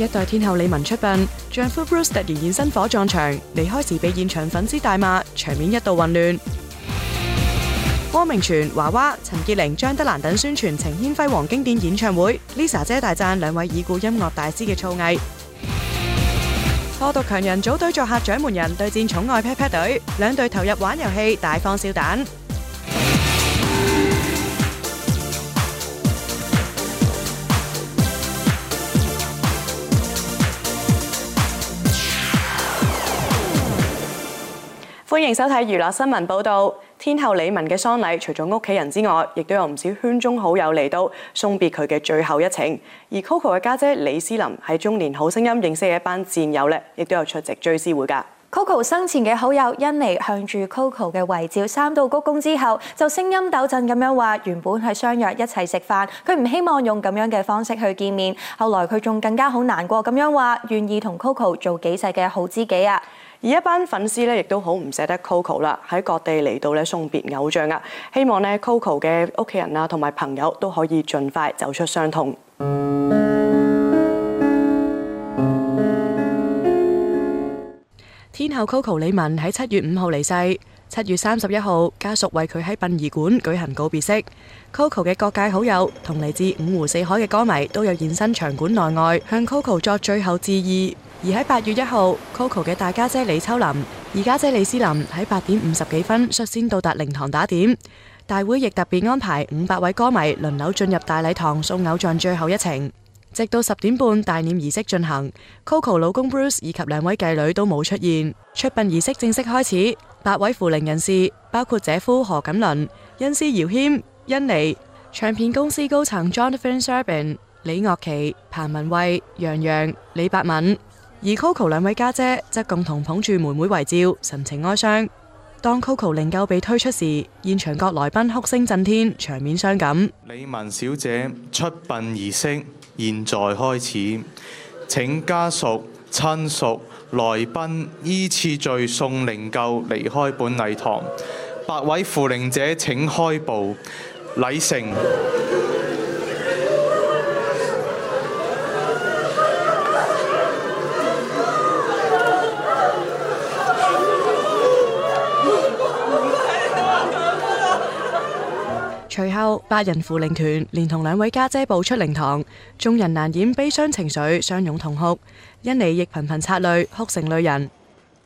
一代天后李玟出殯，丈夫 Bruce 突然現身火葬場，離開時被現場粉絲大罵，場面一度混亂。 汪明荃、華娃、陳潔玲、張德蘭等宣傳呈獻輝煌經典演唱會，Lisa 姐大讚兩位已故音樂大師嘅造詣。播毒強人組隊作客掌門人對戰寵愛 Pat Pat 隊，兩隊投入玩遊戲，大放笑彈。歡迎收睇娛樂新聞報道。天后李玟嘅喪禮，除咗屋企人之外，亦都有唔少圈中好友嚟到送別佢嘅最後一程。而 Coco 嘅家姐李思琳喺中年好聲音認識嘅一班戰友咧，亦都有出席追思會噶。Coco 生前嘅好友甄妮向住 Coco 嘅遺照三度鞠躬之後，就聲音抖震咁樣話：原本係相約一齊食飯，佢唔希望用咁樣嘅方式去見面。後來佢仲更加好難過咁樣話：願意同 Coco 做幾世嘅好知己啊！而一班粉絲咧，亦都好唔捨得 Coco 啦，喺各地嚟到咧送別偶像啊！希望咧 Coco 嘅屋企人啊，同埋朋友都可以盡快走出傷痛。天后 Coco 李玟喺七月五號離世，七月三十一號，家屬為佢喺殯儀館舉行告別式。Coco 嘅各界好友同嚟自五湖四海嘅歌迷都有現身場館內外，向 Coco 作最後致意。而喺八月一號，Coco 嘅大家姐李秋林、二家姐，姐李思林喺八點五十幾分率先到達靈堂打點。大會亦特別安排五百位歌迷輪流進入大禮堂送偶像最後一程，直到十點半大殮儀式進行。Coco 老公 Bruce 以及兩位繼女都冇出現。出殯儀式正式開始，八位扶靈人士包括姐夫何錦麟、恩師姚謙、恩妮、唱片公司高層 John Fran Sherbin、李樂琪、彭文慧、楊洋，洋、李白敏。而 Coco 兩位家姐，姐則共同捧住妹妹遺照，神情哀傷。當 Coco 靈柩被推出時，現場各來賓哭聲震天，場面傷感。李文小姐出殯儀式現在開始，請家屬、親屬、來賓依次序送靈柩離開本禮堂。八位扶靈者請開步，禮成。隨後，八人扶靈團連同兩位家姐,姐步出靈堂，眾人難掩悲傷情緒，相擁痛哭。因尼亦頻頻擦淚，哭成淚人。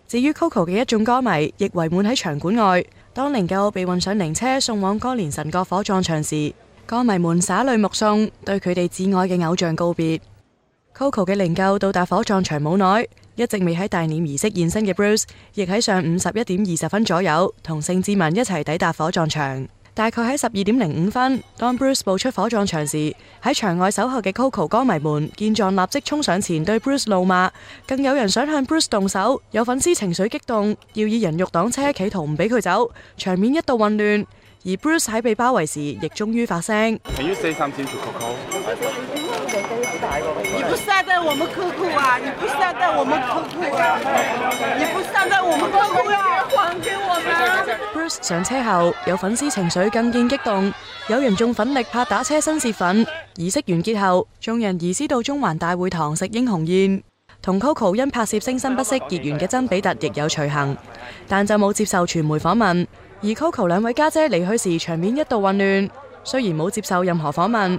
至於 Coco 嘅一眾歌迷，亦圍滿喺場館外。當靈柩被運上靈車，送往歌連臣角火葬場時，歌迷們灑淚目送，對佢哋摯愛嘅偶像告別。Coco 嘅靈柩到達火葬場冇耐，一直未喺大殮儀式現身嘅 Bruce，亦喺上午十一點二十分左右同盛智文一齊抵達火葬場。大概喺十二點零五分，當 Bruce 步出火葬場時，喺場外守候嘅 Coco 歌迷們見狀立即衝上前對 Bruce 怒罵，更有人想向 Bruce 動手，有粉絲情緒激動，要以人肉擋車，企圖唔俾佢走，場面一度混亂。而 Bruce 喺被包圍時，亦終於發聲。唔善待在我們客戶啊！你唔善待我們客戶啊！你唔善待我們客戶啊！還給我們。Bruce 上車後，有粉絲情緒更見激動，有人仲奮力拍打車身泄憤。儀式完結後，眾人移師到中環大會堂食英雄宴。同 Coco 因拍攝《聲生不息》結緣嘅曾比特亦有隨行，但就冇接受傳媒訪問。而 Coco 兩位家姐、姐離去時，場面一度混亂，雖然冇接受任何訪問。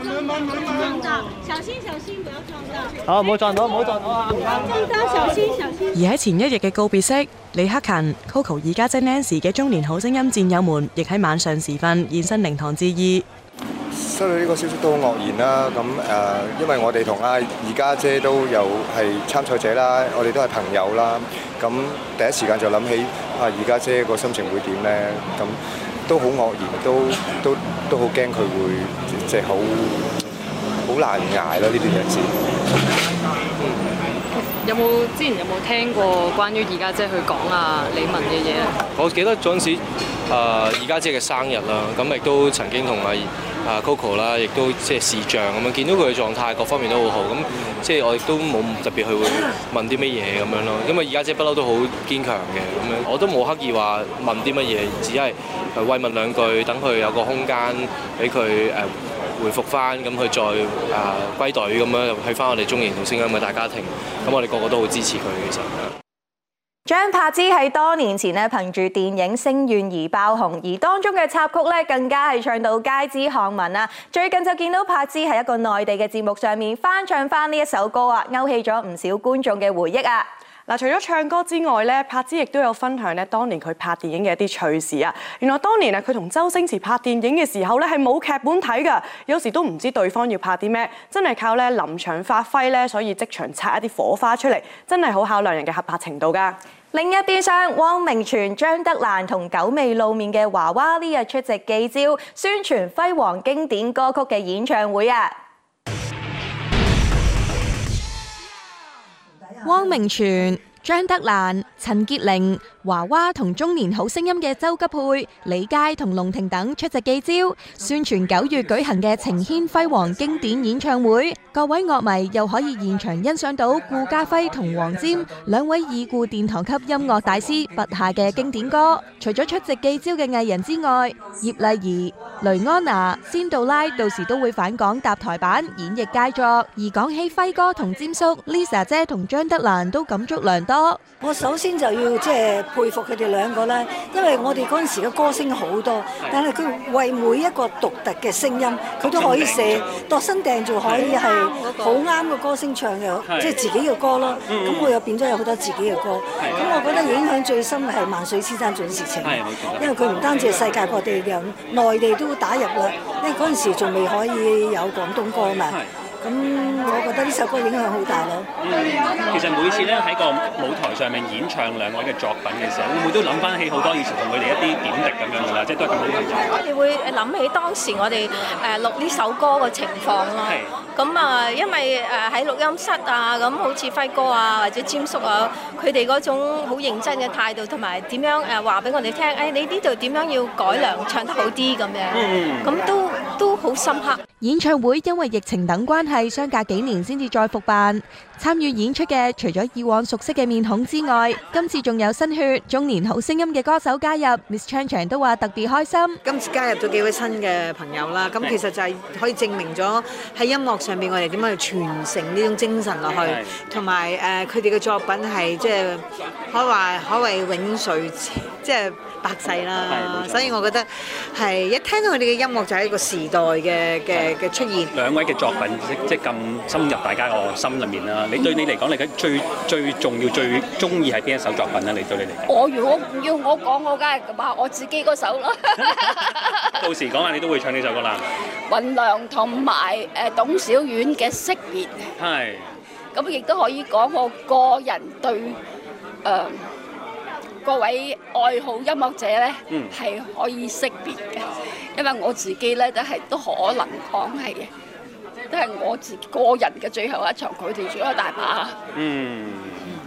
唔好撞到，小心小心，不要撞到。好，唔好撞到，唔好撞到啊！撞到小心小心。而喺前一日嘅告別式，李克勤、Coco、二家姐、Nancy 嘅中年好聲音戰友們，亦喺晚上時分現身靈堂致意。收到呢個消息都好愕然啦。咁誒，因為我哋同阿二家姐都有係參賽者啦，我哋都係朋友啦。咁第一時間就諗起啊，二家姐個心情會點咧？咁都好愕然，都都都好驚佢會。即係好好難捱咯，呢段日子。有冇之前有冇聽過關於二家姐去講啊李玟嘅嘢啊？我記得嗰陣時呃、二家姐嘅生日啦，咁亦都曾經同啊啊 Coco 啦，亦都即係視像咁樣見到佢嘅狀態，各方面都好好。咁即係我亦都冇特別去會問啲乜嘢咁樣咯。咁啊二家姐不嬲都好堅強嘅咁樣，我都冇刻意話問啲乜嘢，只係慰問兩句，等佢有個空間俾佢誒。回復翻，咁佢再誒歸隊咁樣去翻我哋中型同聲音嘅大家庭，咁我哋個個都好支持佢。其實張柏芝喺多年前呢，憑住電影《星願》而爆紅，而當中嘅插曲咧，更加係唱到街知巷聞啊！最近就見到柏芝喺一個內地嘅節目上面翻唱翻呢一首歌啊，勾起咗唔少觀眾嘅回憶啊！嗱，除咗唱歌之外咧，柏芝亦都有分享咧，當年佢拍電影嘅一啲趣事啊！原來當年啊，佢同周星馳拍電影嘅時候咧，係冇劇本睇㗎，有時都唔知對方要拍啲咩，真係靠咧臨場發揮咧，所以即場擦一啲火花出嚟，真係好考兩人嘅合拍程度噶。另一邊廂，汪明荃、張德蘭同久未露面嘅華娃呢日出席記招宣傳輝煌經典歌曲嘅演唱會啊！汪明荃。張德蘭、陳潔玲、華娃同中年好聲音嘅周吉佩、李佳同龍婷等出席記招，宣傳九月舉行嘅《情牽輝煌》經典演唱會。各位樂迷又可以現場欣賞到顧嘉輝同黃沾兩位已故殿堂級音樂大師筆下嘅經典歌。除咗出席記招嘅藝人之外，葉麗儀、雷安娜、仙杜拉到時都會返港搭台版演繹佳作。而講起輝哥同詹叔，Lisa 姐同張德蘭都感觸良。No. 我首先就要即係佩服佢哋兩個啦，因為我哋嗰陣時嘅歌星好多，但係佢為每一個獨特嘅聲音，佢都可以寫，度身訂做，可以係好啱嘅歌聲唱嘅，即係、就是、自己嘅歌咯。咁、嗯、我又變咗有好多自己嘅歌。咁我覺得影響最深嘅係《萬水千山總是情》是，因為佢唔單止係世界各地嘅，內地都打入啦。因為嗰陣時仲未可以有廣東歌嘛。咁我覺得呢首歌影響好大咯。嗯，其實每次咧喺個舞台上面演唱兩位嘅作品嘅時候，會唔會都諗翻起好多以前同佢哋一啲點滴咁樣㗎啦？即係都係好朋友。我哋會諗起當時我哋誒錄呢首歌嘅情況咯。係。咁啊，因為誒喺錄音室啊，咁好似輝哥啊，或者詹叔啊，佢哋嗰種好認真嘅態度同埋點樣誒話俾我哋聽，誒你呢度點樣要改良，唱得好啲咁樣。嗯嗯。咁都都好深刻。演唱會因為疫情等關係相隔幾年先至再復辦，參與演出嘅除咗以往熟悉嘅面孔之外，今次仲有新血中年好聲音嘅歌手加入。Miss Chan 都話特別開心。今次加入咗幾位新嘅朋友啦，咁其實就係可以證明咗喺音樂上邊我哋點樣去傳承呢種精神落去，同埋誒佢哋嘅作品係即係可話可謂永垂即係百世啦。所以我覺得係一聽到佢哋嘅音樂就係一個時代嘅嘅嘅出現。兩位嘅作品就係即係咁深入大家個心裏面啦！你對你嚟講，你嘅最最重要、最中意係邊一首作品咧？你對你嚟講，我如果要我講，我梗係話我自己嗰首咯。到時講下你都會唱呢首歌啦。雲良同埋誒董小宛嘅識別，係咁亦都可以講我個人對誒各位愛好音樂者咧，係可以識別嘅，因為我自己咧都係都可能講係嘅。都係我自個人嘅最後一場，佢哋做個大把。嗯，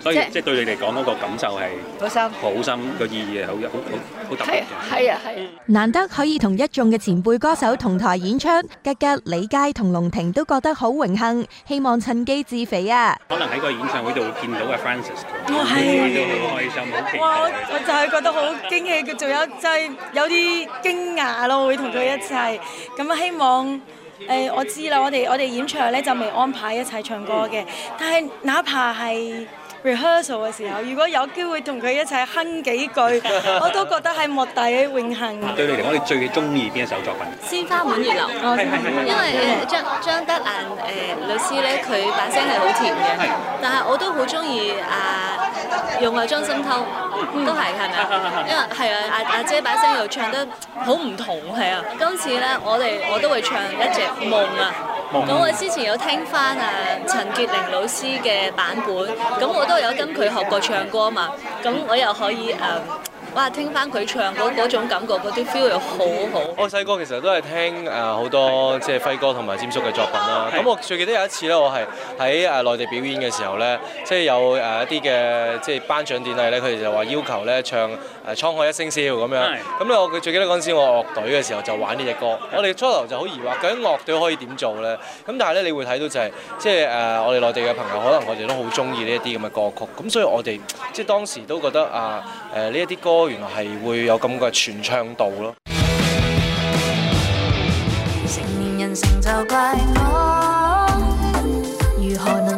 所以即係對你嚟講嗰個感受係好深，好深個意義係好好好好特別嘅。係啊係。難得可以同一眾嘅前輩歌手同台演出，吉吉、李佳同龍婷都覺得好榮幸，希望趁機自肥啊！可能喺個演唱會度會見到嘅 Francis，我係，我係好開心，我我就係覺得好驚喜，佢仲有即係有啲驚訝咯，會同佢一齊咁啊，希望。誒、呃，我知啦，我哋我哋演唱咧就未安排一齊唱歌嘅，但係哪怕係 rehearsal 嘅時候，如果有機會同佢一齊哼幾句，我都覺得係莫大嘅榮幸。對你嚟講，你最中意邊一首作品？《鮮花滿月樓》，因為張張德蘭誒老、呃、師咧，佢把聲係好甜嘅，係。但係我都好中意啊，用、呃、愛張心通。嗯、都係係咪？因為係啊，阿阿姐把聲又唱得好唔同，係啊。今次呢，我哋我都會唱一隻夢啊。咁我之前有聽翻啊陳潔玲老師嘅版本，咁我都有跟佢學過唱歌嘛。咁我又可以誒。嗯嗯哇！聽翻佢唱嗰嗰種感覺，嗰啲 feel 又好好。我細個其實都係聽誒好、呃、多即係、就是、輝哥同埋詹叔嘅作品啦。咁我最記得有一次咧，我係喺誒內地表演嘅時候咧，即、就、係、是、有誒一啲嘅即係頒獎典禮咧，佢哋就話要求咧唱。誒，滄海一聲笑咁樣，咁咧我佢最記得嗰陣時，我樂隊嘅時候就玩呢隻歌。我哋初頭就好疑惑，究竟樂隊可以點做咧？咁但係咧，你會睇到就係、是，即係誒、呃，我哋內地嘅朋友可能我哋都好中意呢一啲咁嘅歌曲。咁所以我哋即係當時都覺得啊，誒呢一啲歌原來係會有咁嘅傳唱度咯。成年人成就怪我，如何能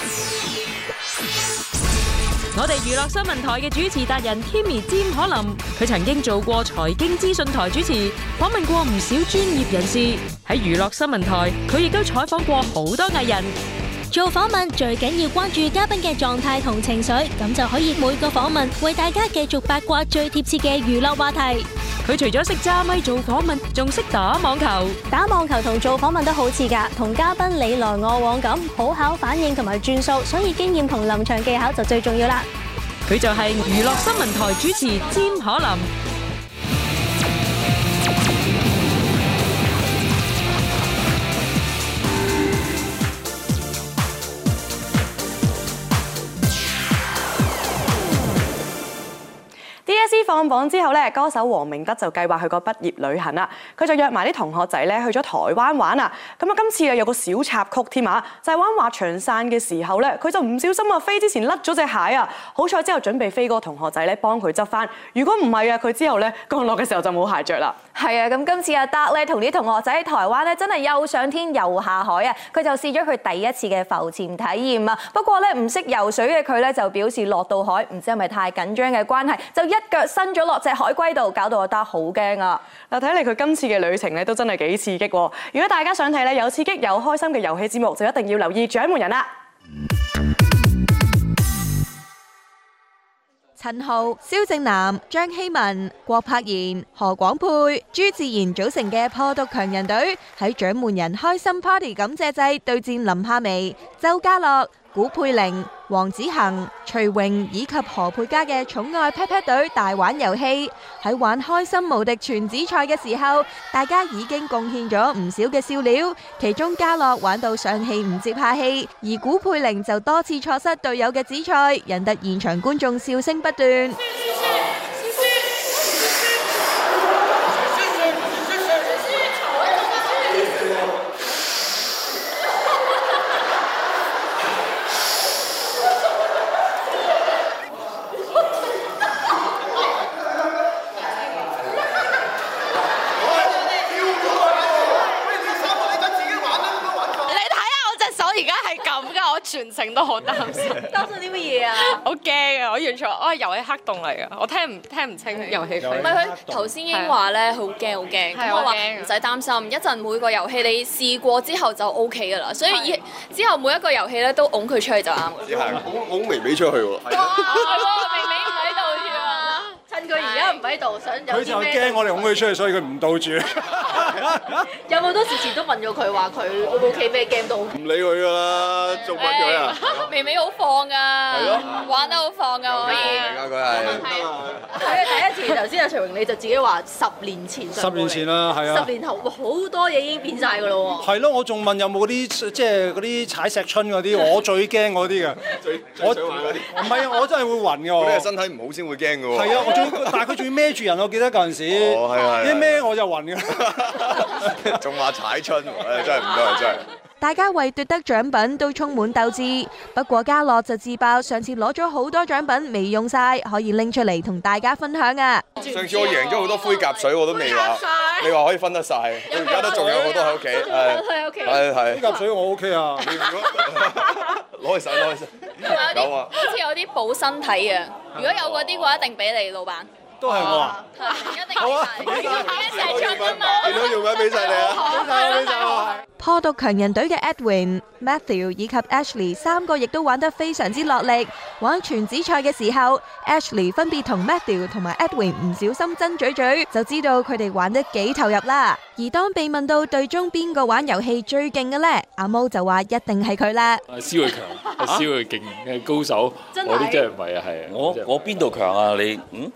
我哋娛樂新聞台嘅主持達人 Kimi 詹可林，佢曾經做過財經資訊台主持，訪問過唔少專業人士。喺娛樂新聞台，佢亦都採訪過好多藝人。做訪問最緊要關注嘉賓嘅狀態同情緒，咁就可以每個訪問為大家繼續八卦最貼切嘅娛樂話題。佢除咗識揸咪做訪問，仲識打網球。打網球同做訪問都好似噶，同嘉賓你來我往咁，好考反應同埋轉數，所以經驗同臨場技巧就最重要啦。佢就係娛樂新聞台主持詹可林。放榜之後咧，歌手黃明德就計劃去個畢業旅行啦。佢就約埋啲同學仔咧，去咗台灣玩啊。咁啊，今次啊有個小插曲添啊。就係玩滑翔傘嘅時候咧，佢就唔小心啊飛之前甩咗隻鞋啊。好彩之後準備飛嗰個同學仔咧幫佢執翻。如果唔係啊，佢之後咧降落嘅時候就冇鞋着啦。係啊，咁今次阿德呢咧同啲同學仔喺台灣咧真係又上天又下海啊。佢就試咗佢第一次嘅浮潛體驗啊。不過咧唔識游水嘅佢咧就表示落到海唔知係咪太緊張嘅關係，就一腳，伸咗落隻海龜度，搞到我得好驚啊！嗱，睇嚟佢今次嘅旅程咧，都真係幾刺激。如果大家想睇咧有刺激有開心嘅遊戲節目，就一定要留意《掌門人》啦！陳豪、蕭正楠、張曦雯、郭柏妍、何廣沛、朱自然組成嘅破毒強人隊，喺《掌門人開心 Party 感謝祭》對戰林夏薇、周家樂、古佩玲、黃子恒、徐榮以及何佩嘉嘅寵愛劈劈隊大玩遊戲，喺玩開心無敵全紫菜嘅時候，大家已經貢獻咗唔少嘅笑料。其中家樂玩到上戲唔接下戲，而古佩玲就多次錯失隊友嘅紫菜，引得現場觀眾笑聲不斷。成日都好擔心，擔心啲乜嘢啊？ 好驚啊！我完全，我、哎、係遊戲黑洞嚟噶，我聽唔聽唔清遊。遊戲黑洞。唔係佢頭先已經話咧，好驚好驚，我話唔使擔心，一陣每個遊戲你試過之後就 O K 噶啦。所以，以之後每一個遊戲咧都拱佢出去就啱嘅，好拱微微出去喎。哇！啊、 佢微微唔喺度住啊， 趁佢而家唔喺度，想有佢就。佢就驚我哋拱佢出去， 所以佢唔到住。 有好多時時都問咗佢話佢 O 唔 K 咩 game 都唔理佢㗎啦，做問佢啊？哎、 微微好放啊，玩得好放㗎可以、啊。而佢係係啊，第一次頭先阿徐榮你就自己話十年前十年前啦，係啊，十年後好多嘢已經變晒㗎咯喎。係咯，我仲問有冇啲即係嗰啲踩石春嗰啲、啊，我最驚嗰啲㗎。最最想嗰啲。唔係啊，我真係會暈㗎喎。即係身體唔好先會驚㗎喎。係啊，我但係佢仲要孭住人，我記得嗰陣時候，一 孭、哦啊、我就暈㗎。 仲 話踩春，真係唔該，真係。大家為奪得獎品都充滿鬥志，不過嘉樂就自爆上次攞咗好多獎品未用晒，可以拎出嚟同大家分享啊！上次我贏咗好多灰甲水我都未話，你話可以分得晒？你而家都仲有好多喺屋企，係係、啊。甲水我 OK 啊，攞去食攞去食，OK 啊、 拿拿 有啲好似有啲補身體啊，如果有嗰啲嘅話，一定俾你，老闆。都係我啊！好啊，好啊，一開啲用品，見到用品俾晒你啊！破毒強人隊嘅 Edwin、Matthew 以及 Ashley 三個亦都玩得非常之落力。玩全子賽嘅時候，Ashley 分別同 Matthew 同埋 Edwin 唔小心爭嘴嘴，就知道佢哋玩得幾投入啦。而當被問到隊中邊個玩遊戲最勁嘅咧？阿毛就話一定係佢啦。阿肖佢強，阿肖佢勁，佢、啊、高手，我啲真係唔係啊，係啊，我我邊度強啊？你嗯？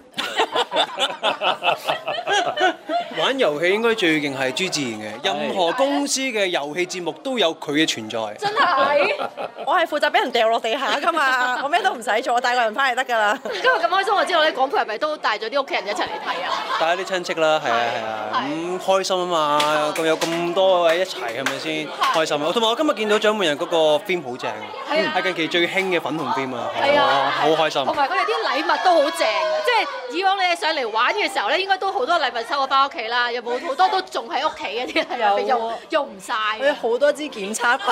玩遊戲應該最勁係朱自然嘅，任何公司嘅遊戲節目都有佢嘅存在。真係 我係負責俾人掉落地下噶嘛，我咩都唔使做，我帶個人翻嚟得噶啦。今日咁開心，我知道啲講佢係咪都帶咗啲屋企人一齊嚟睇啊？帶啲親戚啦，係啊係啊，咁、啊啊啊嗯啊開,啊啊、開心啊嘛，咁有咁多位一齊係咪先開心？同埋我今日見到掌門人嗰個 film 好正，係、啊、近期最興嘅粉紅片啊，係啊，好、啊、開心。同埋佢哋啲禮物都好正，即、就、係、是、以往你。上嚟玩嘅時候咧，應該都好多禮物收我翻屋企啦，有冇好多都仲喺屋企嘅啲有用用唔晒？曬。好多支檢測棒。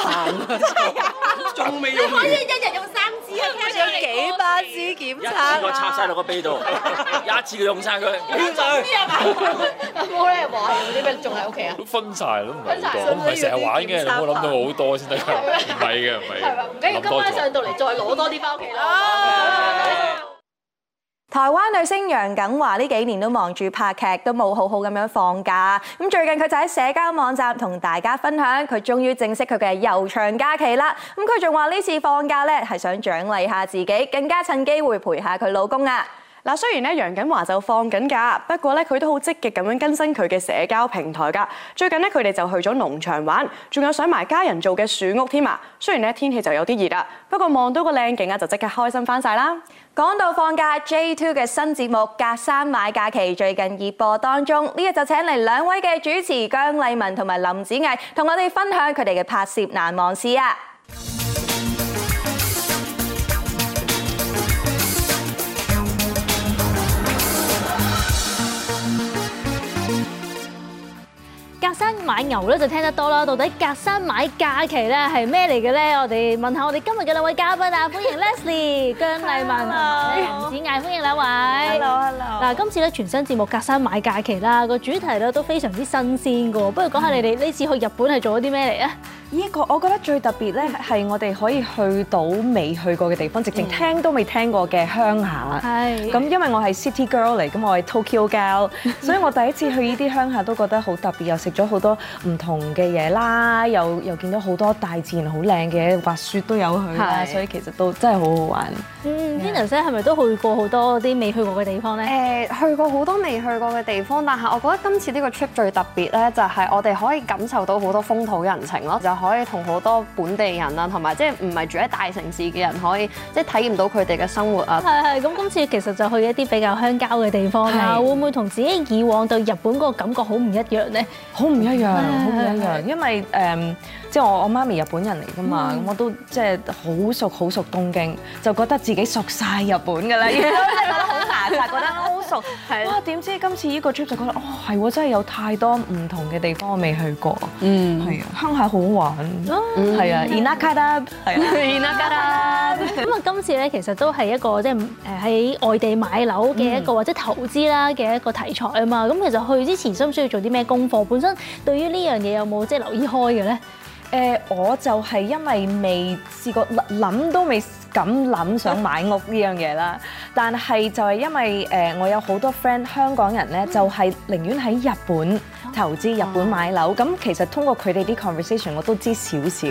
仲 未 用完。你可以一日用三支啊！我 幾百支檢測、啊。一次插曬落個鼻度， 一次佢 用晒，佢 檢查。用曬。呢冇咩玩？有啲咩仲喺屋企啊？分晒，分都唔多，我唔係成日玩嘅，我諗到好多先得㗎。唔係嘅，唔係。唔緊要，今晚上到嚟再攞多啲翻屋企啦。 啊啊台灣女星楊謹華呢幾年都忙住拍劇，都冇好好咁樣放假。咁最近佢就喺社交網站同大家分享，佢終於正式佢嘅悠長假期啦。咁佢仲話呢次放假咧係想獎勵下自己，更加趁機會陪下佢老公啊。嗱，雖然咧楊謹華就放緊假，不過咧佢都好積極咁樣更新佢嘅社交平台噶。最近咧佢哋就去咗農場玩，仲有上埋家人做嘅樹屋添啊。雖然咧天氣就有啲熱啦，不過望到個靚景啊，就即刻開心翻晒啦。講到放假，J2 嘅新節目《隔山買假期》最近熱播當中，呢日就請嚟兩位嘅主持姜麗文同埋林子毅，同我哋分享佢哋嘅拍攝難忘事啊！隔山買牛咧就聽得多啦，到底隔山買假期咧係咩嚟嘅咧？我哋問下我哋今日嘅兩位嘉賓啊！歡迎 Leslie、姜麗文、陳子艾，歡迎兩位。Hello，Hello。嗱，今次咧全新節目《隔山買假期》啦，個主題咧都非常之新鮮嘅喎。不如講下你哋呢次去日本係做咗啲咩嚟啊？依個我覺得最特別咧係我哋可以去到未去過嘅地方，直情聽都未聽過嘅鄉下。係。咁因為我係 City Girl 嚟，咁我係 Tokyo Girl，所以我第一次去依啲鄉下都覺得好特別又食咗好多唔同嘅嘢啦，又又見到好多大自然好靚嘅，滑雪都有去的，啦，所以其實都真係好好玩。嗯，啲人姐係咪都去過好多啲未去過嘅地方咧？誒、呃，去過好多未去過嘅地方，但係我覺得今次呢個 trip 最特別咧，就係我哋可以感受到好多風土人情咯，就可以同好多本地人啊，同埋即係唔係住喺大城市嘅人可以即係、就是、體驗到佢哋嘅生活啊。係。咁今次其實就去一啲比較鄉郊嘅地方，係會唔會同自己以往對日本嗰個感覺好唔一樣咧？好唔一樣，好唔一樣，因為誒。Um... 即係我我媽咪日本人嚟㗎嘛，咁我都即係好熟好熟東京，就覺得自己熟曬日本㗎啦，然之後真係覺得好麻煩，覺得好熟。哇！點知今次呢個 trip 就覺得哦，係真係有太多唔同嘅地方我未去過。嗯，係啊，鄉下好好玩啊，係啊。Inaka 係啊。Inaka 咁啊，今次咧其實都係一個即係誒喺外地買樓嘅一個或者投資啦嘅一個題材啊嘛。咁其實去之前需唔需要做啲咩功課？本身對於呢樣嘢有冇即係留意開嘅咧？誒，我就係因為未試過，諗都未試。咁諗想，想買屋呢樣嘢啦，但係就係因為誒我有好多 friend 香港人呢就係寧願喺日本投資日本買樓。咁其實通過佢哋啲 conversation 我都知少少。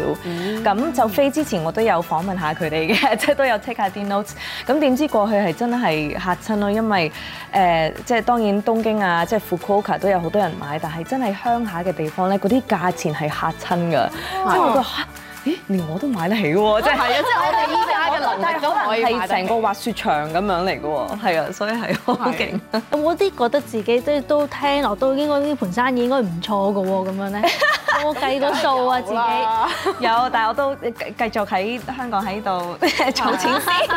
咁就飛之前我都有訪問下佢哋嘅，即係都有 take 下啲 notes。咁點知過去係真係嚇親咯，因為誒即係當然東京啊，即係福岡都有好多人買，但係真係鄉下嘅地方呢，嗰啲價錢係嚇親㗎。即係我覺咦，連我都買得起喎，即係啊，即係我哋依家嘅能力。係成個滑雪場咁樣嚟㗎喎，係啊，所以係好勁。有冇啲覺得自己都都聽落都應該呢盤生意應該唔錯㗎喎？咁樣咧，有冇計過數啊？自己有，但係我都繼續喺香港喺度儲錢先。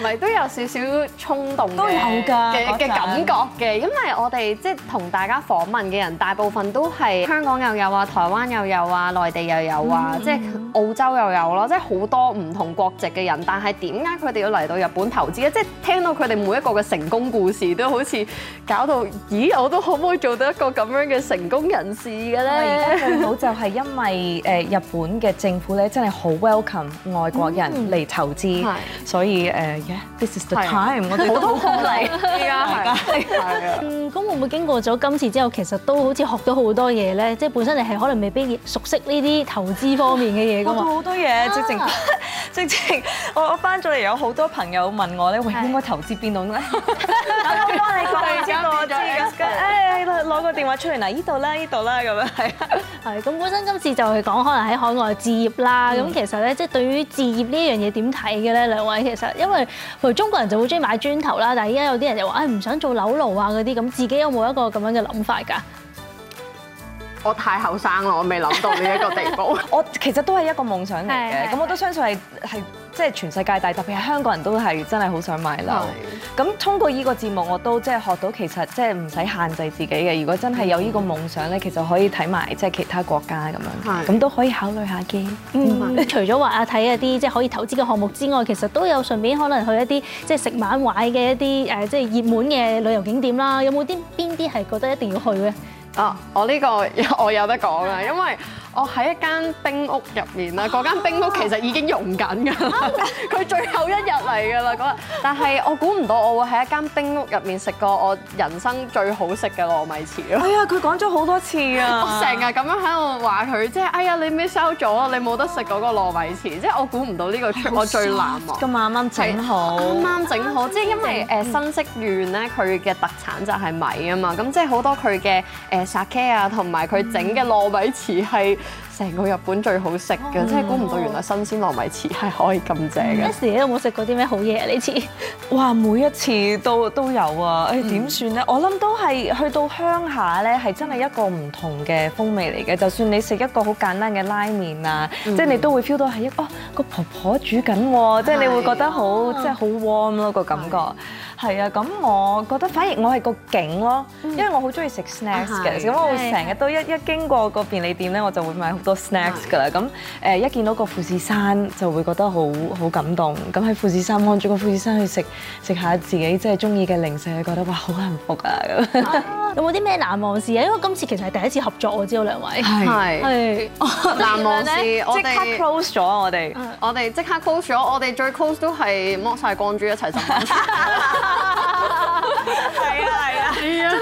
唔係都有少少衝動都有㗎嘅嘅感覺嘅，因為我哋即係同大家訪問嘅人，大部分都係香港又有啊，台灣又有啊，內地又有啊，即係澳洲又有咯，即係好多唔同國籍嘅人，但但係點解佢哋要嚟到日本投資嘅？即係聽到佢哋每一個嘅成功故事，都好似搞到，咦？我都可唔可以做到一個咁樣嘅成功人士嘅咧？而家最好就係因為誒日本嘅政府咧，真係好 welcome 外國人嚟投資，嗯、所以誒，this is the time，我哋都好好嚟，依 啊，係咪？嗯，咁會唔會經過咗今次之後，其實都好似學到好多嘢咧？即係本身你係可能未必熟悉呢啲投資方面嘅嘢噶嘛？學到好多嘢，直情直情。正正我翻咗嚟有好多朋友問我咧，喂，應該投資邊度咧？我幫你講而家我知噶，誒攞個電話出嚟嗱，呢度啦呢度啦，咁樣係。係咁本身今次就係講可能喺海外置業啦，咁、嗯、其實咧，即係對於置業呢一樣嘢點睇嘅咧？兩位，其實因為譬如中國人就好中意買磚頭啦，但係而家有啲人就話誒唔想做樓奴啊嗰啲，咁自己有冇一個咁樣嘅諗法㗎？我太後生咯，我未諗到呢一個地步。 我其實都係一個夢想嚟嘅，咁我都相信係係即係全世界大，但係特別係香港人都係真係好想買樓。咁通過呢個節目，我都即係學到其實即係唔使限制自己嘅。如果真係有呢個夢想咧，其實可以睇埋即係其他國家咁樣，咁都可以考慮一下嘅。嗯，除咗話啊睇一啲即係可以投資嘅項目之外，其實都有順便可能去一啲即係食晚玩嘅一啲誒即係熱門嘅旅遊景點啦。有冇啲邊啲係覺得一定要去嘅？啊、這個！我呢個我有得講啊，因為。我喺一間冰屋入面啦，嗰間冰屋其實已經融緊㗎，佢 最後一日嚟㗎啦嗰日。但係我估唔到我會喺一間冰屋入面食過我人生最好食嘅糯米糍。咯、哎。係啊，佢講咗好多次啊，我成日咁樣喺度話佢，即係哎呀你 miss 咗，你冇得食嗰個糯米糍。即係我估唔到呢個出、哎、我最難忘。咁啱啱整好，啱啱整好，即係因為誒新式縣咧，佢、嗯、嘅特產就係米啊嘛，咁即係好多佢嘅誒 sake 啊，同埋佢整嘅糯米糍係。成個日本最好食嘅，即係估唔到原來新鮮糯米糍係可以咁正嘅。咩事啊？有冇食過啲咩好嘢啊？呢次，哇，每一次都都有啊！誒點算咧？我諗都係去到鄉下咧，係真係一個唔同嘅風味嚟嘅。就算你食一個好簡單嘅拉麵啊，即係你都會 feel 到係一哦個婆婆煮緊，即係你會覺得好，即係好 warm 咯個感覺。係啊，咁我覺得反而我係個景咯，因為我好中意食 snacks 嘅，咁我成日都一一經過個便利店咧，我就會買好多 snacks 噶啦。咁誒，一見到個富士山就會覺得好好感動。咁喺富士山望住個富士山去食食下自己即係中意嘅零食，覺得哇好幸福啊！有冇啲咩難忘事啊？因為今次其實係第一次合作，我知道兩位係係 難忘事，我哋即刻 close 咗，我哋 我哋即刻 close 咗，我哋最 close 都係剝晒光珠一齊走。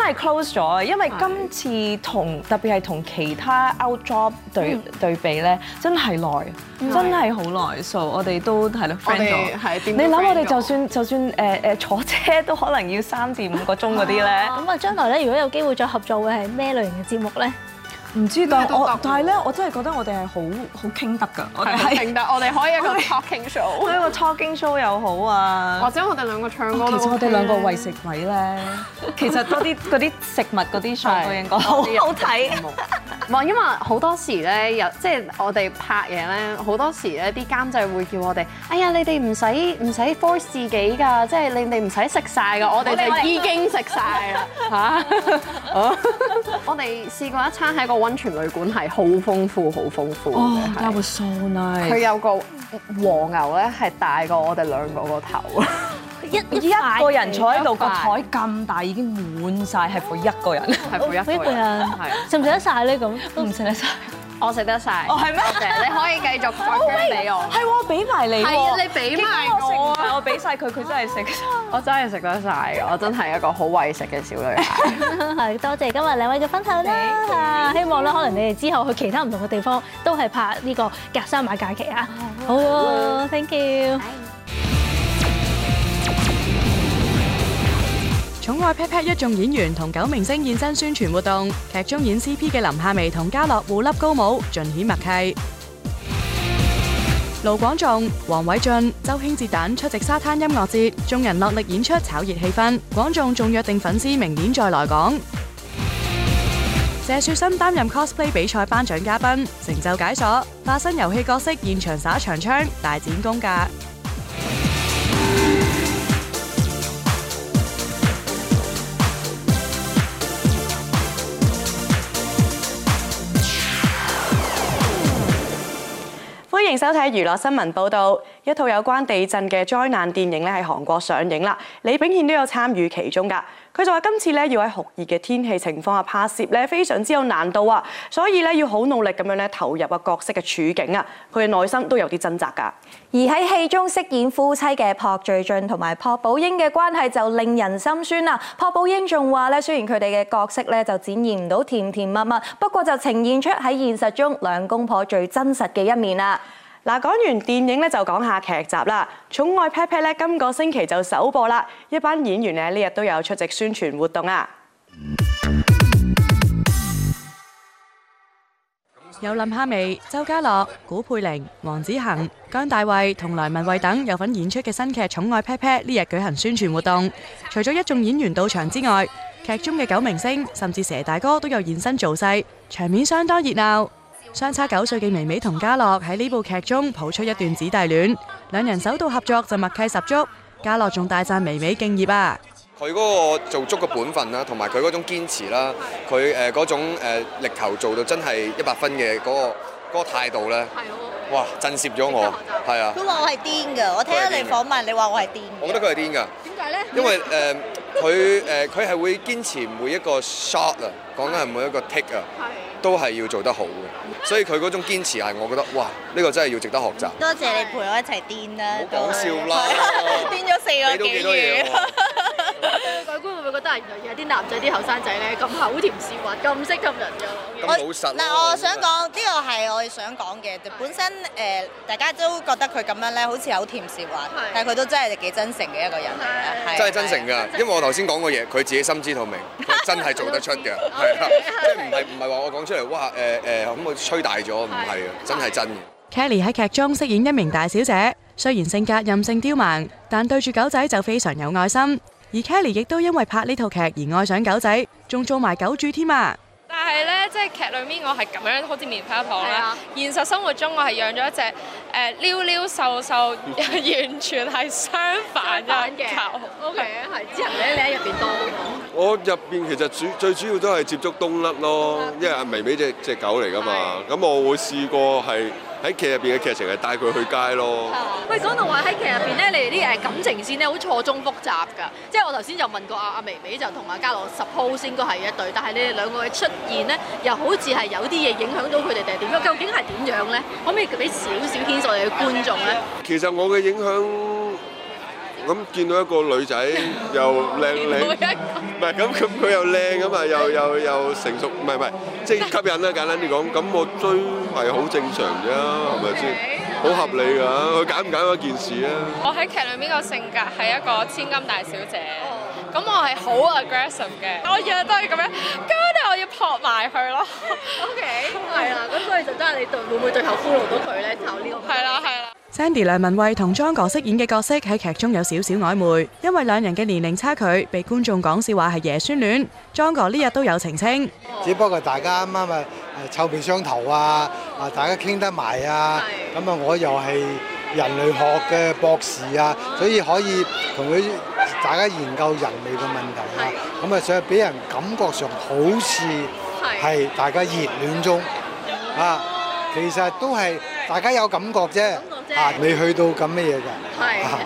係 close 咗，因為今次同特別係同其他 out job 對對比咧，真係耐，真係好耐數。我哋都係咯，friend 咗。你諗我哋就算就算,就算坐車都可能要三至五個鐘嗰啲咧。咁啊，將來咧，如果有機會再合作會係咩類型嘅節目咧？唔知道，我，但係咧，我真係覺得我哋係好好傾得㗎，我哋係傾得，我哋可以一個 talking show， 一個 talking show 又好啊，或者我哋兩個唱歌都，其實我哋兩個喂食位咧， 其實多啲啲食物啲 show 應 該好好睇，冇好，因為好多時咧，有即係我哋拍嘢咧，好多時咧啲監製會叫我哋，哎呀，你哋唔使唔使 force 自己㗎，即係你哋唔使食晒㗎，我哋就已經食晒啦，吓、 啊， 我哋試過一餐喺個。溫泉旅館係好豐富，好豐富。哦、oh，That was so nice。佢有個和牛咧，係大過我哋兩個個頭。一一個人坐喺度，個台咁大已經滿晒，係負一個人。係負一個人。食唔食得晒咧？咁唔食得晒，我食得晒。哦，係、oh, 咩？Okay, 你可以繼續攤俾我。係喎，俾埋你喎。係啊，給你俾埋。俾晒佢，佢真係食得。我真係食得晒，我真係一個好為食嘅小女孩 多謝今日兩位嘅分享啦！希望可能你哋之後去其他唔同嘅地方都，都係拍呢個隔山買假期啊！好喎，thank you。寵愛 Pet Pet 一眾演員同九明星現身宣傳活動，劇中演 CP 嘅林夏薇同嘉樂互笠高帽，盡顯默契。盧廣仲、黃偉俊、周興哲等出席沙灘音樂節，眾人落力演出炒熱氣氛。廣仲仲約定粉絲明年再來港。 謝雪心擔任 cosplay 比賽頒獎嘉賓，成就解鎖化身遊戲角色，現場耍長槍，大展功架。歡迎收睇娛樂新聞報道，一套有關地震嘅災難電影咧喺韓國上映啦，李秉憲都有參與其中㗎。佢就話：今次咧要喺酷熱嘅天氣情況下拍攝咧，非常之有難度啊！所以咧要好努力咁樣咧投入個角色嘅處境啊，佢嘅內心都有啲掙扎噶。而喺戲中飾演夫妻嘅朴敘俊同埋朴寶英嘅關係就令人心酸啊！朴寶英仲話咧，雖然佢哋嘅角色咧就展現唔到甜甜蜜蜜，不過就呈現出喺現實中兩公婆最真實嘅一面啦。嗱，講完電影咧，就講下劇集啦。《寵愛 Pet Pet》今個星期就首播啦。一班演員咧，呢日都有出席宣傳活動啊。有林夏薇、周嘉洛、古佩玲、黃子恆、姜大衛同黎文蔚等有份演出嘅新劇《寵愛 Pet Pet》呢日舉行宣傳活動。除咗一眾演員到場之外，劇中嘅狗明星甚至蛇大哥都有現身造勢，場面相當熱鬧。相差九歲嘅微微同嘉樂喺呢部劇中抱出一段姊弟戀，兩人首度合作就默契十足。嘉樂仲大讚微微敬業啊！佢嗰個做足嘅本分啦，同埋佢嗰種堅持啦，佢誒嗰種誒力求做到真係一百分嘅嗰、嗰個嗰、嗰個態度咧，哇震懾咗我，係啊！佢話我係癲噶，我聽咗你訪問，是你話我係癲？我覺得佢係癲噶。點解咧？因為誒，佢、呃、誒，佢 係會堅持每一個 shot 啊，講緊係每一個 take 啊。都係要做得好嘅，所以佢嗰種堅持係，我覺得哇，呢個真係要值得學習。多謝你陪我一齊癲啦，好搞笑啦，癲咗四個幾月。 改觀會唔會覺得啊？原來而家啲男仔啲後生仔咧咁口甜舌滑，咁識氹人嘅。咁老實。嗱，我想講呢個係我哋想講嘅。本身誒，大家都覺得佢咁樣咧好似口甜舌滑，但係佢都真係幾真誠嘅一個人，真係真誠㗎。因為我頭先講過嘢，佢自己心知肚明，真係做得出嘅，係啦，即係唔係唔係話我講出嚟，哇誒誒咁我吹大咗，唔係嘅，真係真嘅。Kelly 喺劇中飾演一名大小姐，雖然性格任性刁蠻，但對住狗仔就非常有愛心。而 Kelly 亦都因為拍呢套劇而愛上狗仔，仲做埋狗主添啊！但係咧，即係劇裏面我係咁樣好似棉花糖啦，現實生活中我係養咗一隻誒，溜、呃、溜瘦，瘦瘦， 完全係相反嘅狗。O K，係之後咧，你喺入邊多唔我入邊其實主最主要都係接觸東甩咯冬，因為微微隻隻狗嚟噶嘛，咁、啊、我會試過係。喺劇入邊嘅劇情係帶佢去街咯。喂，講到話喺劇入邊咧，你哋啲誒感情線咧好錯綜複雜㗎。即係我頭先就問過阿阿薇薇，就同阿嘉樂十號先應該係一對，但係你哋兩個嘅出現咧，又好似係有啲嘢影響到佢哋定係點樣？究竟係點樣咧？可唔可以俾少少線索俾觀眾咧？其實我嘅影響。咁見到一個女仔又靚靚，唔係咁咁佢又靚咁啊，又又又成熟，唔係唔係，即係吸引啦簡單啲講，咁我追係好正常啫，係咪先？好合理㗎，佢揀唔揀嗰件事啊？我喺劇裏邊個性格係一個千金大小姐，咁我係好 aggressive 嘅，我日日都係咁樣，咁我哋我要撲埋去咯。OK，係啦，咁所以就真係你對會唔會對頭俘虜到佢咧？靠呢個係啦，係啦。Sandy 梁文慧同莊哥飾演嘅角色喺劇中有少少曖昧，因為兩人嘅年齡差距，被觀眾講笑話係爺孫戀。莊哥呢日都有澄清，只不過大家啱啱啊臭味相投啊，啊大家傾得埋啊，咁啊我又係人類學嘅博士啊，所以可以同佢大家研究人類嘅問題啊，咁啊想俾人感覺上好似係大家熱戀中啊，其實都係大家有感覺啫。啊！你去到咁咩嘢㗎，係、啊、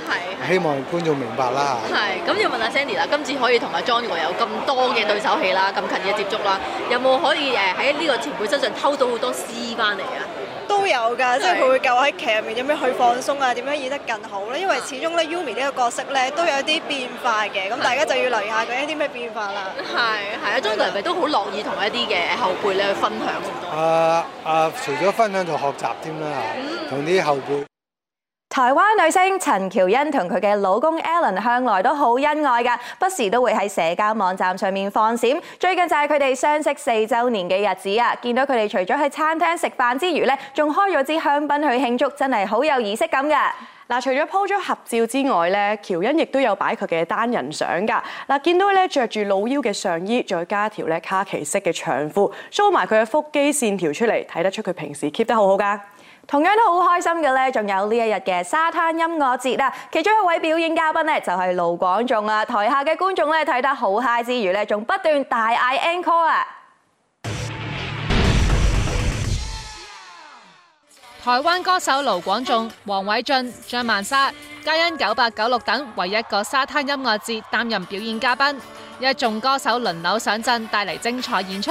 希望觀眾明白啦。係。咁要問阿 Sandy 啦，今次可以同埋 John 有咁多嘅對手戲啦，咁近嘅接觸啦，有冇可以喺呢個前輩身上偷到好多師翻嚟啊？都有㗎，即係佢會教喺劇入面點樣去放鬆啊，點、嗯、樣演得更好咧。因為始終咧 Yumi 呢個角色咧都有啲變化嘅，咁大家就要留意下佢一啲咩變化啦。係係啊，John 係咪都好樂意同一啲嘅後輩咧去分享好多啊啊！除咗分享就學習添啦，同啲後輩。嗯台灣女星陳喬恩同佢嘅老公 Allen 向來都好恩愛嘅，不時都會喺社交網站上面放閃。最近就係佢哋相識四周年嘅日子啊，見到佢哋除咗喺餐廳食飯之餘呢，仲開咗支香檳去慶祝，真係好有儀式感嘅。嗱，除咗 po 咗合照之外呢，喬恩亦都有擺佢嘅單人相噶。嗱，見到咧着住露腰嘅上衣，再加條咧卡其色嘅長褲，show 埋佢嘅腹肌線條出嚟，睇得出佢平時 keep 得好好噶。同樣都好開心嘅呢，仲有呢一日嘅沙灘音樂節，其中一位表演嘉賓呢就係盧廣仲啊，台下嘅觀眾呢睇得好嗨之餘呢，仲不斷大嗌 encore 啊，台灣歌手盧廣仲、黃偉俊、張曼莎、嘉欣九八九六等為一個沙灘音樂節擔任表演嘉賓。一眾歌手輪流上陣，帶嚟精彩演出。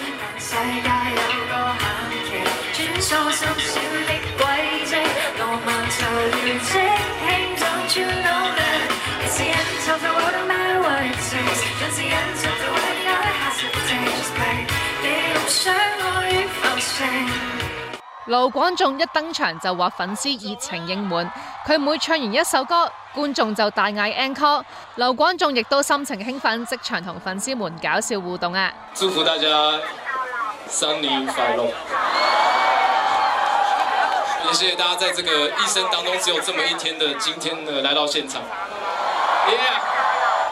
盧廣仲一登場就話粉絲熱情應援，佢每唱完一首歌，觀眾就大嗌 encore。盧廣仲亦都心情興奮，即場同粉絲們搞笑互動啊！祝福大家生日快樂！也謝謝大家，在這個一生當中只有這麼一天的今天呢，來到現場，yeah!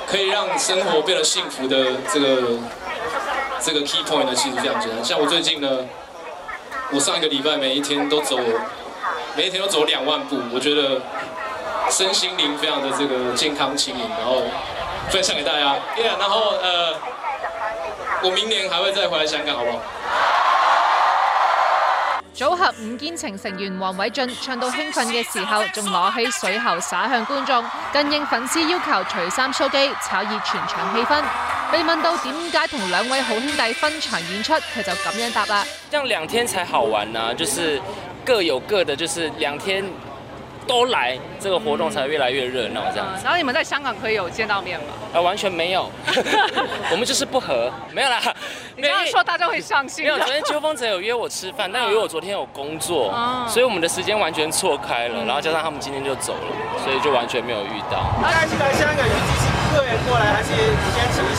可以讓生活變得幸福的這個這個 key point 呢，其實非常簡單。像我最近呢。我上一個禮拜每一天都走，每一天都走兩萬步，我覺得身心靈非常的這個健康輕盈，然後分享給大家。Yeah, 然後呃，我明年還會再回來香港，好不好？組合五堅情成員王偉俊唱到興奮嘅時候，仲攞起水喉灑向觀眾，更應粉絲要求除衫收機，炒熱全場氣氛。被問到點解同兩位好兄弟分場演出，他就咁樣答啦：這樣兩天才好玩呢，啊，就是各有各的，就是兩天都來，這個活動才越來越熱鬧這樣子。然、嗯、後、嗯、你們在香港可以有見到面嗎？啊，完全沒有， 我們就是不合，沒有啦。你剛說大家會上心。沒，沒，沒有，昨天邱鋒澤有約我吃飯，啊，但由於我昨天有工作，啊，所以我們的時間完全錯開了。嗯，然後加上他們今天就走了，所以就完全沒有遇到。大家是嚟香港是客人過來，還是你先請。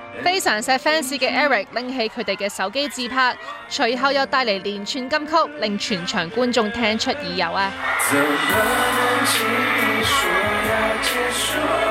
非常錫 fans 嘅 Eric 拎起佢哋嘅手機自拍，隨後又帶嚟連串金曲，令全場觀眾聽出耳油啊！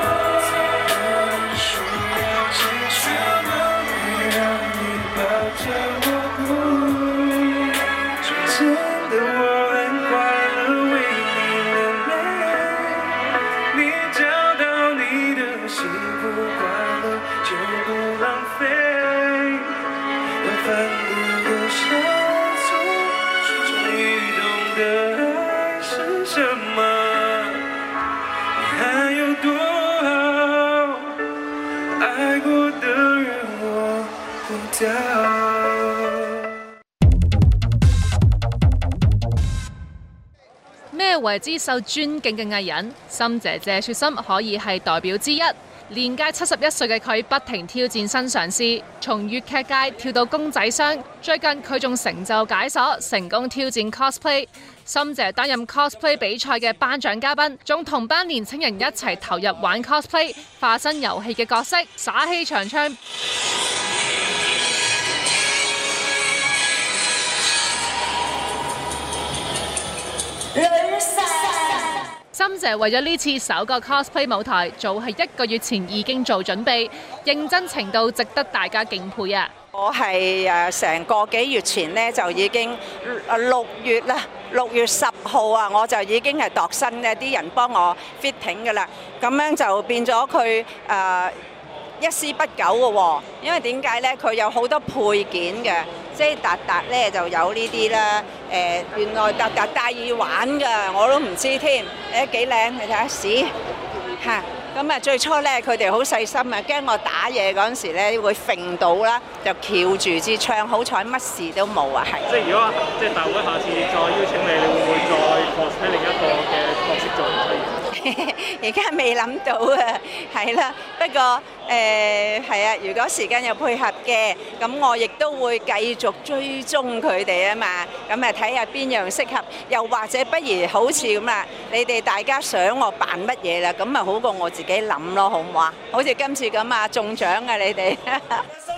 為之受尊敬嘅藝人，心姐謝雪心可以係代表之一。年屆七十一歲嘅佢，不停挑戰新嘗試，從粵劇界跳到公仔箱。最近佢仲成就解鎖，成功挑戰 cosplay。心姐擔任 cosplay 比賽嘅頒獎嘉賓，仲同班年青人一齊投入玩 cosplay，化身遊戲嘅角色，耍起長槍。心姐為咗呢次首個 cosplay 舞台，早係一個月前已經做準備，認真程度值得大家敬佩啊！我係誒成個幾月前呢，就已經啊六月啦，六月十號啊我就已經係度身呢啲人幫我 fitting 噶啦，咁樣就變咗佢誒一絲不苟噶喎，因為點解呢？佢有好多配件嘅。即係達達咧就有呢啲啦，誒、呃、原來達達帶耳環㗎，我都唔知添，誒幾靚，你睇下屎吓咁啊，最初咧佢哋好細心啊，驚我打嘢嗰陣時咧會揈到啦，就翹住支槍，好彩乜事都冇啊。即係如果即係大會下次再邀請你，你會唔會再 cos 另一個嘅角色做？而家未諗到啊，係啦。不過誒係啊，如果時間有配合嘅，咁我亦都會繼續追蹤佢哋啊嘛。咁啊睇下邊樣適合，又或者不如好似咁啊，你哋大家想我扮乜嘢啦？咁啊好過我自己諗咯，好唔好啊？好似今次咁啊中獎啊你哋。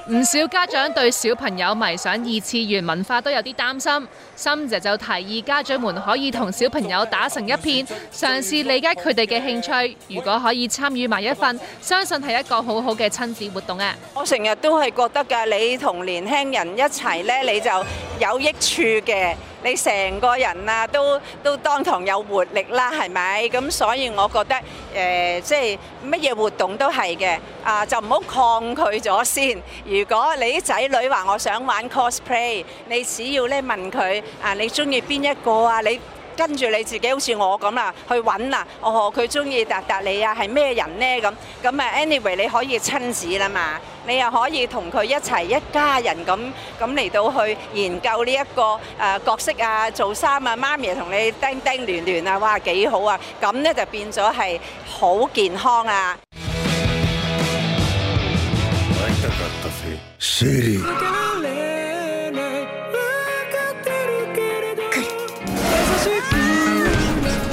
唔少家長對小朋友迷上二次元文化都有啲擔心。心姐就提議家長們可以同小朋友打成一片，嘗試理解佢哋嘅興趣。如果可以參與埋一份，相信係一個好好嘅親子活動啊！我成日都係覺得㗎，你同年輕人一齊咧，你就有益處嘅。你成個人啊，都都當堂有活力啦，係咪？咁所以我覺得誒、呃、即係乜嘢活動都係嘅。啊，就唔好抗拒咗先。如果你啲仔女話我想玩 cosplay，你只要咧問佢。啊！你中意邊一個啊？你跟住你自己好似我咁啊，去揾啊。哦，佢中意達達你啊，係咩人呢？咁咁啊，anyway，你可以親子啦嘛，你又可以同佢一齊一家人咁咁嚟到去研究呢一個誒角色啊，做衫啊，媽咪同你叮叮亂亂啊，哇，幾好啊！咁呢就變咗係好健康啊！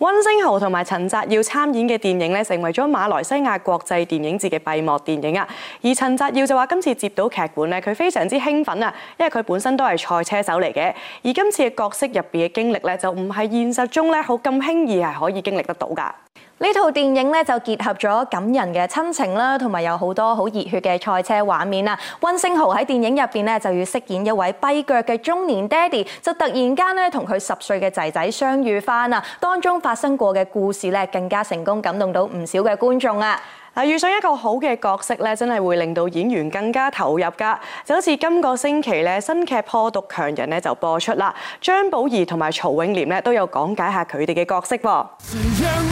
溫升豪同埋陳澤耀參演嘅電影咧，成為咗馬來西亞國際電影節嘅閉幕電影啊！而陳澤耀就話：今次接到劇本咧，佢非常之興奮啊，因為佢本身都係賽車手嚟嘅，而今次嘅角色入邊嘅經歷咧，就唔係現實中咧好咁輕易係可以經歷得到噶。呢套電影咧就結合咗感人嘅親情啦，同埋有好多好熱血嘅賽車畫面啊！温昇豪喺電影入邊咧就要飾演一位跛腳嘅中年爹地，就突然間咧同佢十歲嘅仔仔相遇翻啊！當中發生過嘅故事咧更加成功感動到唔少嘅觀眾啊！嗱，遇上一個好嘅角色咧，真係會令到演員更加投入噶，就好似今個星期咧新劇《破毒強人》咧就播出啦，張寶儀同埋曹永廉咧都有講解下佢哋嘅角色喎。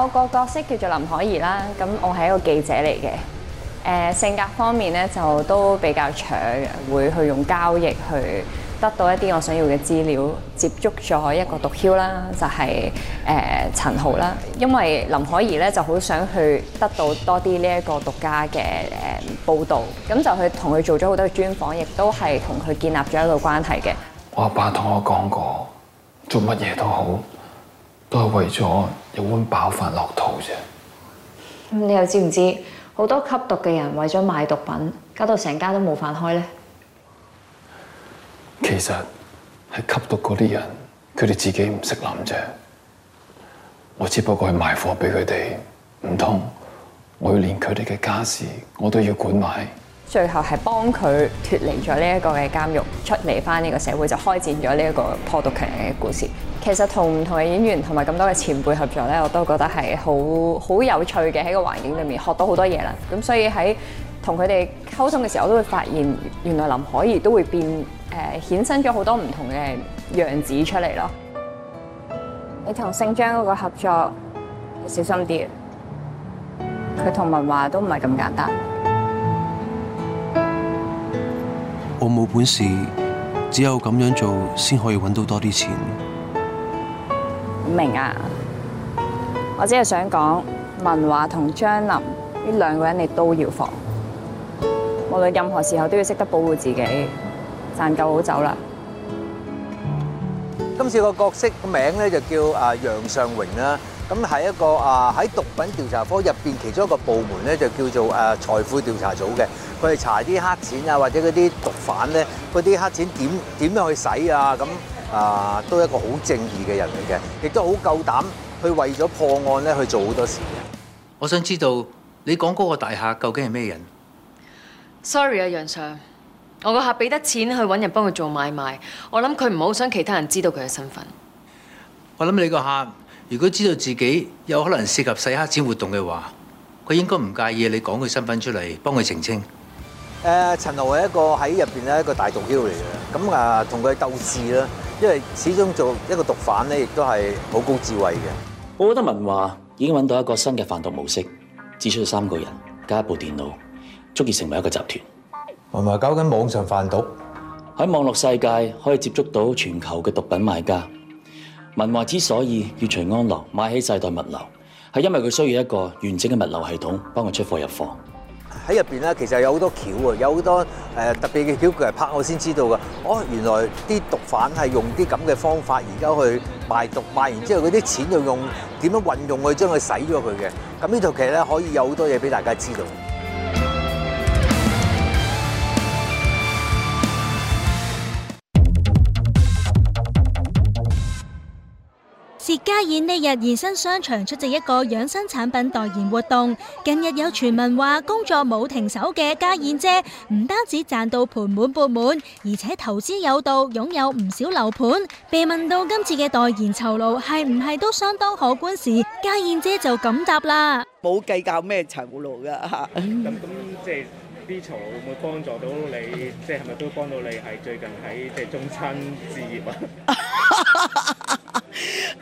我個角色叫做林可怡啦，咁我係一個記者嚟嘅，誒性格方面咧就都比較闖嘅，會去用交易去得到一啲我想要嘅資料，接觸咗一個毒梟啦，就係誒陳豪啦，因為林可怡咧就好想去得到多啲呢一個獨家嘅誒報道，咁就去同佢做咗好多專訪，亦都係同佢建立咗一個關係嘅。我阿爸同我講過，做乜嘢都好。都係為咗一碗飽飯落肚啫。你又知唔知好多吸毒嘅人為咗買毒品，搞到成家都冇飯開呢？ 其實係吸毒嗰啲人，佢哋自己唔識諗啫。我只不過係賣貨俾佢哋，唔通我要連佢哋嘅家事，我都要管埋？最後係幫佢脫離咗呢一個嘅監獄，出嚟翻呢個社會就開展咗呢一個破毒強嘅故事。其實同唔同嘅演員同埋咁多嘅前輩合作咧，我都覺得係好好有趣嘅，喺個環境裏面學到好多嘢啦。咁所以喺同佢哋溝通嘅時候，我都會發現原來林海怡都會變誒顯身咗好多唔同嘅樣子出嚟咯。你同姓張嗰個合作，小心啲，佢同文華都唔係咁簡單。我冇本事，只有咁樣做先可以揾到多啲錢。明啊，我只係想講，文華同張林呢兩個人你都要防，無論任何時候都要識得保護自己，賺夠好走啦。今次個角色個名咧就叫啊楊尚榮啦，咁係一個啊喺毒品調查科入邊其中一個部門咧就叫做誒財富調查組嘅。佢哋查啲黑錢啊，或者嗰啲毒販咧，嗰啲黑錢點點樣，樣去洗啊？咁啊，都係一個好正義嘅人嚟嘅，亦都好夠膽去為咗破案咧，去做好多事嘅。我想知道你講嗰個大客究竟係咩人？Sorry 啊，楊 Sir，我個客俾得錢去揾人幫佢做買賣，我諗佢唔好想其他人知道佢嘅身份。我諗你個客如果知道自己有可能涉及洗黑錢活動嘅話，佢應該唔介意你講佢身份出嚟幫佢澄清。誒、呃、陳豪係一個喺入邊咧一個大毒梟嚟嘅，咁、嗯、啊同佢鬥智啦，因為始終做一個毒販咧，亦都係好高智慧嘅。我覺得文華已經揾到一個新嘅販毒模式，只需要三個人加一部電腦，足以成為一個集團。文華搞緊網上販毒，喺網絡世界可以接觸到全球嘅毒品賣家。文華之所以要徐安樂買起世代物流，係因為佢需要一個完整嘅物流系統幫佢出貨入貨。喺入邊咧，其實有好多橋喎，有好多誒特別嘅橋佢係拍，我先知道㗎。哦，原來啲毒販係用啲咁嘅方法，而家去賣毒，賣完之後嗰啲錢又用點樣運用去將佢洗咗佢嘅。咁呢套劇咧，可以有好多嘢俾大家知道。家燕呢日現身商場出席一個養生產品代言活動，近日有傳聞話工作冇停手嘅家燕姐唔單止賺到盆滿缽滿，而且投資有道，擁有唔少樓盤。被問到今次嘅代言酬勞係唔係都相當可觀時，家燕姐就咁答啦：冇計較咩酬勞噶，咁咁即係。啲酬勞會唔會幫助到你？即係係咪都幫到你？係最近喺即係中山置業啊？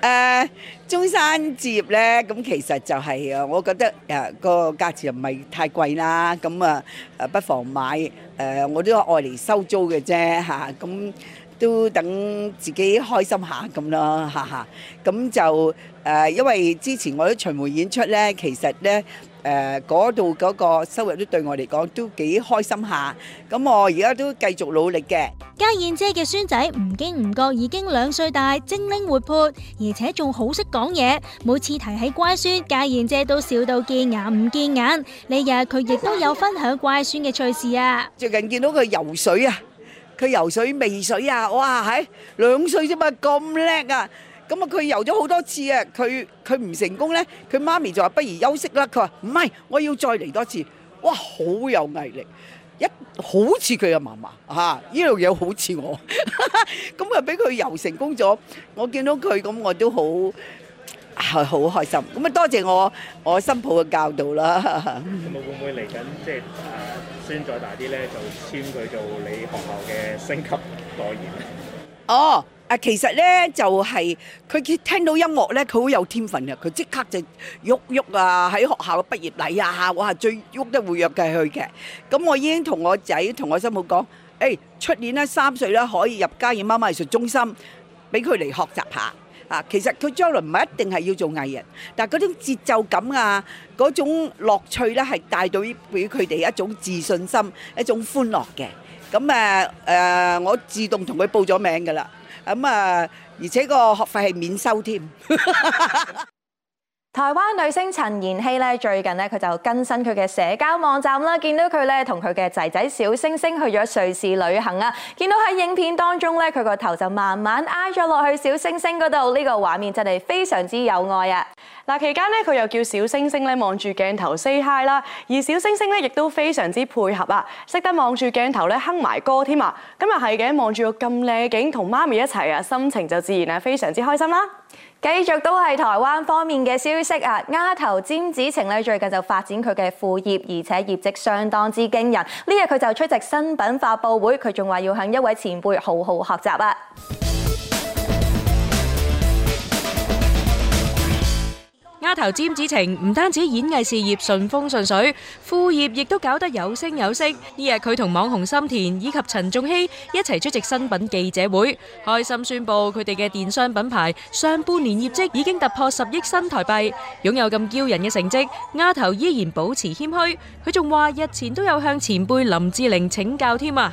誒，中山置業咧，咁其實就係啊，我覺得誒個價錢又唔係太貴啦，咁啊誒不妨買誒，我都愛嚟收租嘅啫嚇，咁都等自己開心下咁咯嚇嚇，咁就誒，因為之前我啲巡迴演出咧，其實咧。誒嗰度嗰個收入都對我嚟講都幾開心下，咁我而家都繼續努力嘅。家燕姐嘅孫仔唔經唔覺已經兩歲大，精靈活潑，而且仲好識講嘢。每次提起乖孫，家燕姐都笑到見牙唔見眼。呢日佢亦都有分享乖孫嘅趣事啊！最近見到佢游水啊，佢游水未水啊，哇係兩歲啫嘛，咁叻啊！咁啊，佢游咗好多次啊，佢佢唔成功咧，佢媽咪就話不如休息啦。佢話唔係，我要再嚟多次。哇，好有毅力，一好似佢嘅媽媽嚇，呢度又好似我。咁啊，俾佢游成功咗，我見到佢咁，我都好係好開心。咁啊，多謝我我新抱嘅教導啦。咁啊，會唔會嚟緊即係誒孫再大啲咧，就簽佢做你學校嘅升級代言哦？啊，其實咧就係佢佢聽到音樂咧，佢好有天分啊。佢即刻就喐喐啊！喺學校嘅畢業禮啊，我係最喐得活躍嘅去嘅。咁我已經同我仔同我新抱講，誒出年咧三歲咧可以入家燕媽媽藝術中心，俾佢嚟學習下啊。其實佢將來唔係一定係要做藝人，但係嗰種節奏感啊，嗰種樂趣咧係帶到俾佢哋一種自信心、一種歡樂嘅。咁誒誒，我自動同佢報咗名㗎啦。咁、嗯、啊，而且個學費係免收添。 台灣女星陳妍希咧，最近咧佢就更新佢嘅社交網站啦，見到佢咧同佢嘅仔仔小星星去咗瑞士旅行啊！見到喺影片當中咧，佢個頭就慢慢挨咗落去小星星嗰度，呢個畫面真係非常之有愛啊！嗱，期間咧佢又叫小星星咧望住鏡頭 say hi 啦，而小星星咧亦都非常之配合啊，識得望住鏡頭咧哼埋歌添啊！咁又係嘅，望住個咁靚嘅景，同媽咪一齊啊，心情就自然啊非常之開心啦～繼續都係台灣方面嘅消息啊！丫頭詹子晴呢，最近就發展佢嘅副業，而且業績相當之驚人。呢日佢就出席新品發布會，佢仲話要向一位前輩好好學習啊！丫頭詹子晴唔單止演藝事業順風順水，副業亦都搞得有聲有色。呢日佢同網紅心田以及陳仲希一齊出席新品記者會，開心宣佈佢哋嘅電商品牌上半年業績已經突破十億新台幣。擁有咁驕人嘅成績，丫頭依然保持謙虛。佢仲話日前都有向前輩林志玲請教添啊。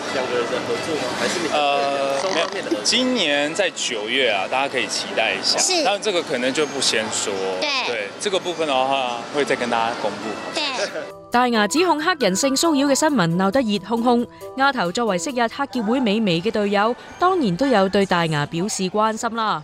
兩個人的合作嗎？還是，是？呃，今年在九月啊，大家可以期待一下。是，但這個可能就不先說。對，對這個部分嘅話會再跟大家公布。對 大牙指控黑人性騷擾嘅新聞鬧得熱烘烘，丫頭作為昔日黑澀會美眉嘅隊友，當然都有對大牙表示關心啦。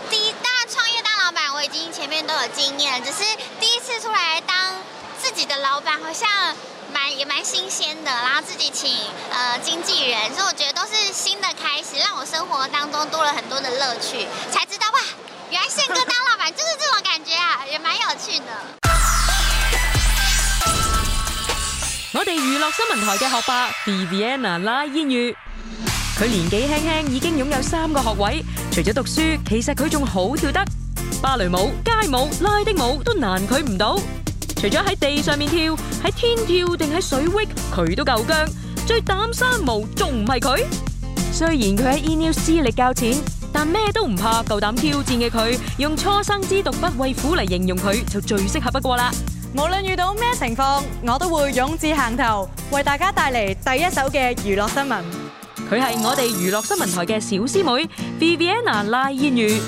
前面都有經驗，只是第一次出來當自己的老闆，好像蠻也蠻新鮮的。然後自己請呃經紀人，所以我覺得都是新的開始，讓我生活當中多了很多的樂趣。才知道哇，原來憲哥當老闆就是這種感覺啊， 也蠻有趣的。我哋娛樂新聞台嘅學霸 Viviana 拉煙雨，佢年紀輕輕已經擁有三個學位，除咗讀書，其實佢仲好跳得。芭蕾舞、街舞、拉丁舞都難佢唔到，除咗喺地上面跳，喺天跳定喺水域，佢都夠薑。最膽生毛仲唔係佢？雖然佢喺 Enews 資歷較淺，但咩都唔怕，夠膽挑戰嘅佢，用初生之犢不畏虎嚟形容佢就最適合不過啦。無論遇到咩情況，我都會勇字行頭，為大家帶嚟第一手嘅娛樂新聞。佢係我哋娛樂新聞台嘅小師妹 Viviana 拉煙雨。